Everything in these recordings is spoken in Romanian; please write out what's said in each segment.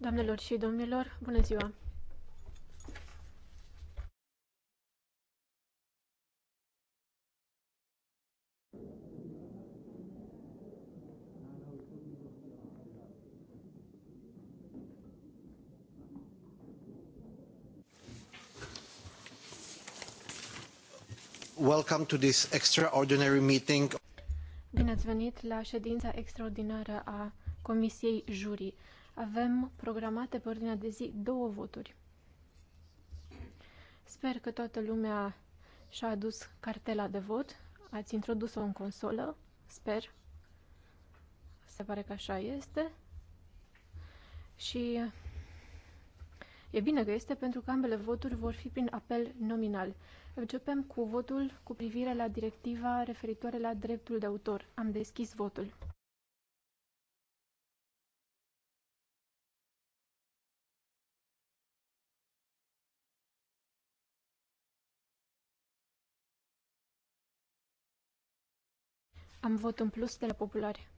Doamnelor și domnilor, bună ziua! Welcome to this extraordinary meeting. Bine ați venit la ședința extraordinară a Comisiei Jurii. Avem programate pe ordinea de zi două voturi. Sper că toată lumea și-a adus cartela de vot. Ați introdus-o în consolă, sper. Se pare că așa este. Și e bine că este pentru că ambele voturi vor fi prin apel nominal. Începem cu votul cu privire la directiva referitoare la dreptul de autor. Am deschis votul. Am vot în plus de la populare.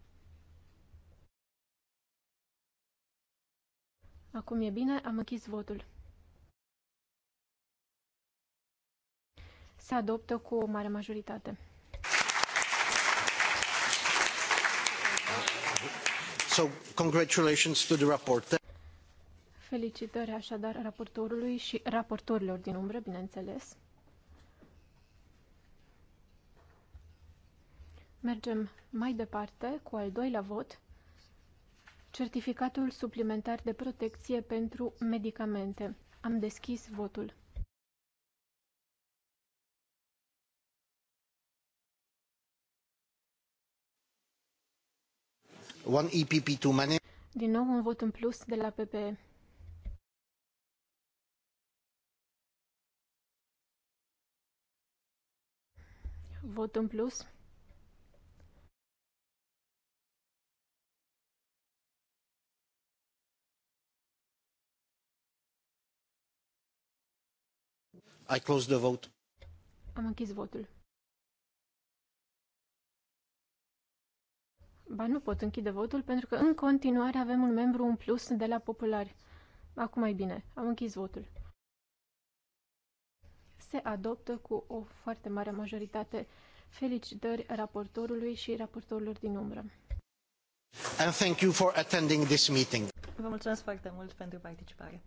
Acum e bine, am închis votul. Se adoptă cu o mare majoritate. So, congratulations to the rapporteur. Felicitări așadar raportorului și raportorilor din umbră, bineînțeles. Mergem mai departe cu al doilea vot. Certificatul suplimentar de protecție pentru medicamente. Am deschis votul. One EPP too many. Din nou un vot în plus de la PPE. Vot în plus. I close the vote. Am închis votul. Ba nu pot închide votul pentru că în continuare avem un membru în plus de la populari. Acum mai bine, am închis votul. Se adoptă cu o foarte mare majoritate. Felicitări raportorului și raportorilor din umbră. And thank you for attending this meeting. Vă mulțumesc foarte mult pentru participare.